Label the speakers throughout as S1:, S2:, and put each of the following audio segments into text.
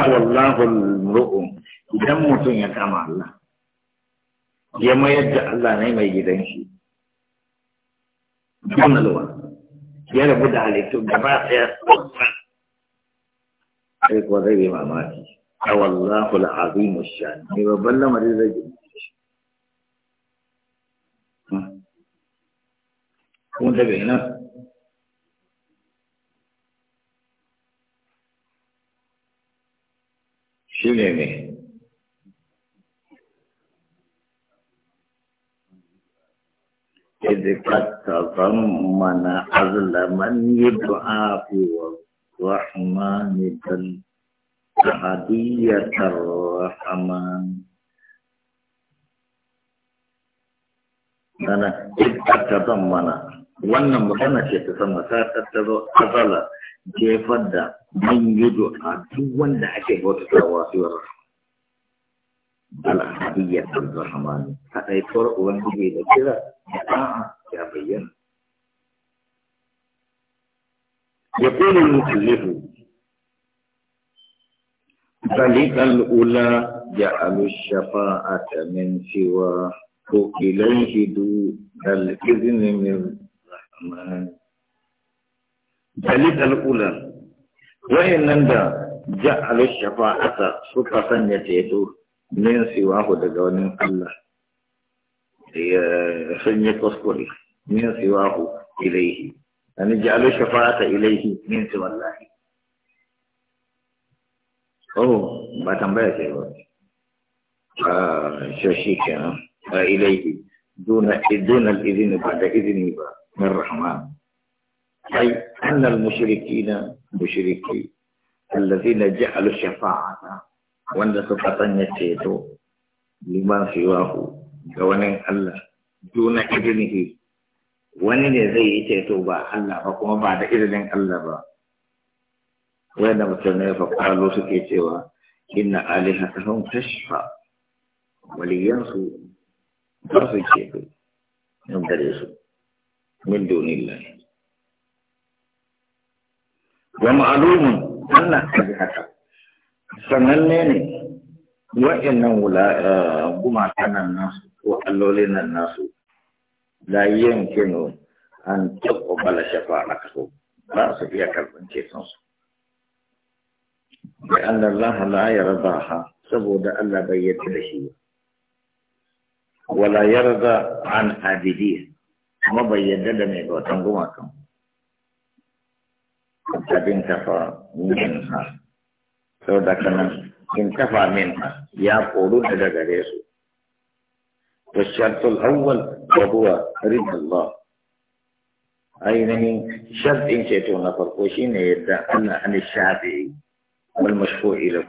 S1: wallahu ruum idan mutum ya kama Allah ya mayar da Allah ne mai gidan shi don alwa ya rabu da halittu gaba ɗaya sai kuwa zai yi mamaki a wallahu al-azimu shani mai babban lamarin zai gina kuma da bai nan? shi ne ne إذ قد تضمن عزل من يدعى في الرحمن هدية الرحمن أنا إذ قد تضمن wannan magana ce ta sama ta tattaro azala jefar da man yudo a duk wanda ake bautatawa su yawar al'adiyya ta a ta uwan ubangiji da kira da ɗan'a ya bayyana ya kone mutallifu ذلك الأولى a tamin cewa ko إليه hidu الإذن من dalil al'ula wa'in nan da ja'alar shafa'ata suka sanya teto min siwa ku daga wani Allah ya sanya kuskure min siwa ilaihi wani ja'alar shafa'ata ilaihi min siwa lahi oh ba tambaya sai ba a ah, shashi kenan a ilaihi دون إذن الإذن بعد إذن من الرحمن أي أن المشركين مشركي الذين جعلوا الشفاعة وأن تفتن يتيتو لما سواه جوانا الله دون إذنه وأن يزي يتيتو با الله فقوم بعد إذن الله با وأن مثلنا فقالوا سكيتوا إن آلهتهم تشفى ولينصوا za ce ku na gare su min dunillahi
S2: wa ma'alumun
S1: Allah ka haka Sannan ne wa'annan wula eh, gumaka nan nasu ko allolin nan nasu yin yankinu an taqbala shafa'atuhum ba su iya karɓar ceton su bi anna Allah la yardaha saboda Allah bai yarda da shi ba ولا يرضى عن حديديه ما بيدد من بوتان غمكم قد انتفى منها سو دكنا انتفى منها يا لدى غريسو والشرط الاول وهو رضا الله نهي شرط إن شئتون فرقوشين يدى أن عن الشافعي والمشفوع له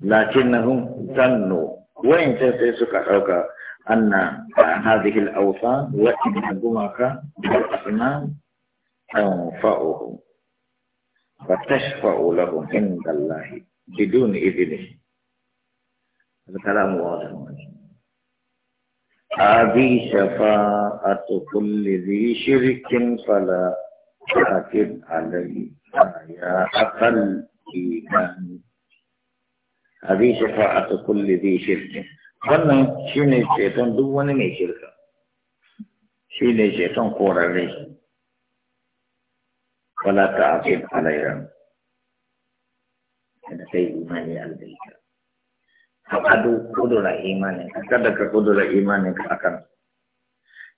S1: لكنهم ظنوا وإن تنسيسك أوكا أن هذه الأوثان وإن الجمعك والأصنام تنفعه وتشفع لهم عند الله بدون إذنه هذا كلام واضح هذه شفاعة كل ذي شرك فلا تعتد عليه يا أقل إيمان abi ta kulle zai shirke. wannan ne ceton duk wani mai shirka Shi ne ceton korare wala alayyar da ta yi imani albaita faqadu qudura imani kada ka kudura imani ka akan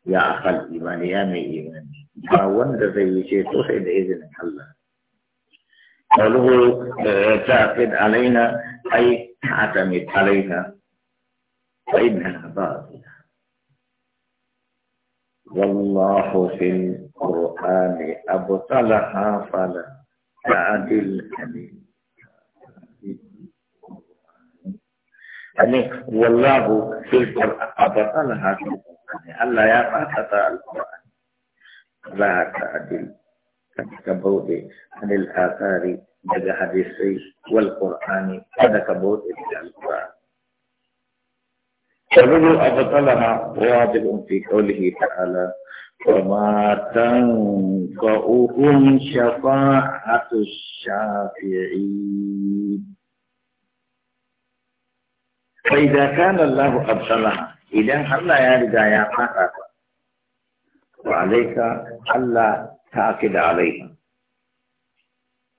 S1: ya akal imani ya mai imani ba wanda zai yi ce sai da izinin Allah قوله آه، تعقد علينا أي تعتمد علينا فإنها باطلة والله في القرآن أبطلها فلا تعدل حميد يعني والله في القرآن أبطلها في القرآن ألا يا القرآن لا تعدل كبوت عن الآثار بدا حديثي والقرآن هذا كبوت إلى القرآن فلو أبطلها واضح في قوله تعالى وما تنفعهم شفاعة الشافعين فإذا كان الله أبطلها إذا لا يرجع يا وعليك ألا تعقد عليها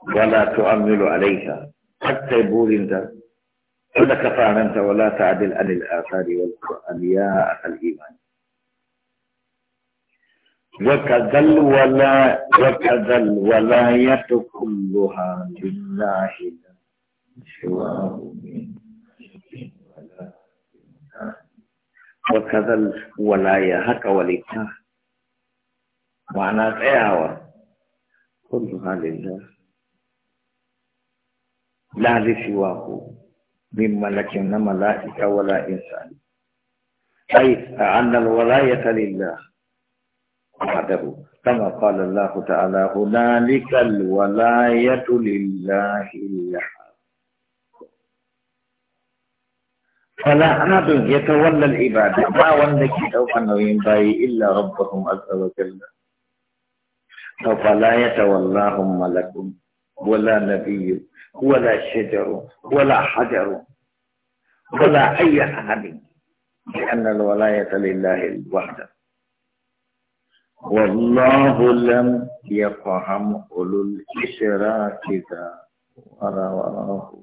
S1: ولا تؤمل عليها حتى يقول انت انك كفانا انت ولا تعدل عن الاثار والقران يا اهل الايمان وكذا الولا وكذا الولاية كلها لله لا سواه من وكذا الولاية هكا ولتاه معنى تسعوة كلها لله لا لسواه من ملك ملائكة ولا إنسان أي أن الولاية لله وحده كما قال الله تعالى هنالك الولاية لله الحق فلا أحد يتولى العبادة ما ولك أنه ينبغي إلا ربهم عز وجل فلا يتولاهم ملك ولا نبي ولا شجر ولا حجر ولا أي أحد لأن الولاية لله الوحده
S2: والله
S1: لم يفهم أولو الإشراك ذا ورواه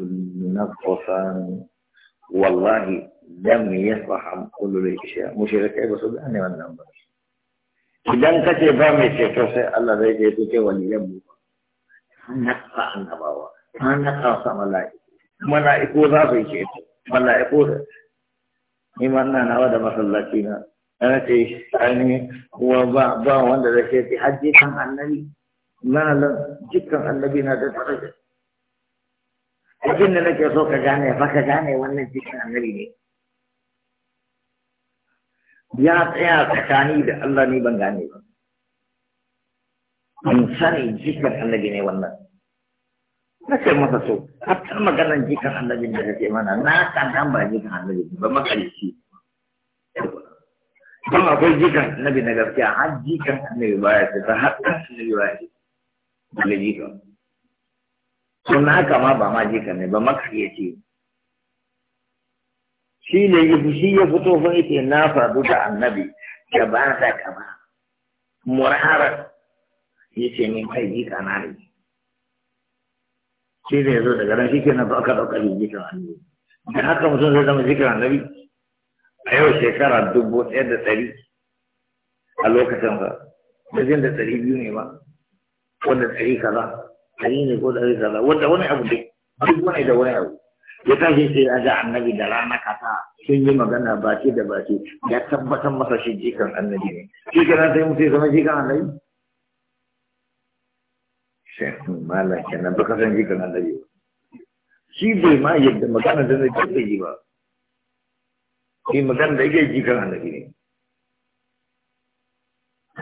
S1: النقصان والله لم يفهم أولو الإشراك مشركين بسودان والنمبر idan ka ce ba mai ceto sai Allah zai je duke waliyan mu na ka annabawa an na ka sa mala'iku mala'iku za su yi ceto mala'iku ni ma ina nawa da masallaci na ana ce ainihin kuma ba ba wanda zai ce ce hajji kan annabi na nan jikan annabi na da daraja abin da nake so ka gane ba ka gane wannan jikan annabi ne ya tsaya tsakani da Allah ni ban gane ba in sani jikan annabi ne wannan na ce masa so hatta maganar jikan annabi da kake mana na kan dan ba jikan annabi ba makalici don akwai jikan annabi na gaskiya har jikan annabi baya ce ta har kan annabi baya ce daga jikan sun haka ma ba ma jikan ne ba makalici ne shi ne shi ya fito fa yake na faɗu da annabi ba da kama? murara ya ce min kai jika na ne shi ne zo daga nan shi ke na ba aka ɗauka jikin annabi da haka mutum zai zama jikin annabi a yau shekara dubu ɗaya da ɗari a lokacin ba da da ɗari biyu ne ba wanda ɗari kaza ɗari ne ko ɗari kaza wanda wani abu dai duk wani da wani abu ya tashi sai ya ga annabi da rana kasa sun yi magana baki da baki ya tabbatar masa shi jikan annabi ne shi kenan sai mutu ya zama jikan annabi shekun mala kenan baka san jikan annabi ba shi bai ma yadda magana da zai kai yi ba shi magana da yake jikan annabi ne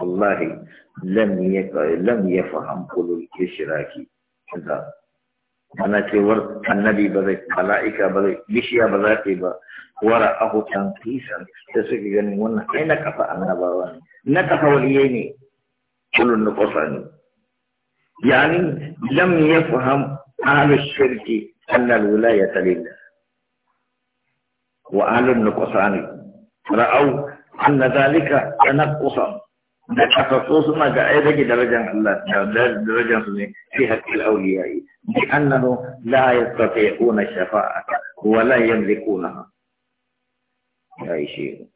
S1: wallahi lam ya lam yafham qulul ishraki kaza ana cewar annabi ba zai mala'ika ba zai bishiya ba za ta yi ba wara ahu tankisan da suke ganin wannan ai na kafa annabawa ne na kafa waliyai ne kulun na kosa ne yani lam yafham ahlu shirki anna al-wilayata lillah wa ahlu nuqsan ra'aw anna dhalika tanaqqusan da so suna ga ai rage darajar Allah da darajar su ne fi haqqil awliya'i bi annahu la yastati'una shafa'ata wa la yamlikunaha ya shi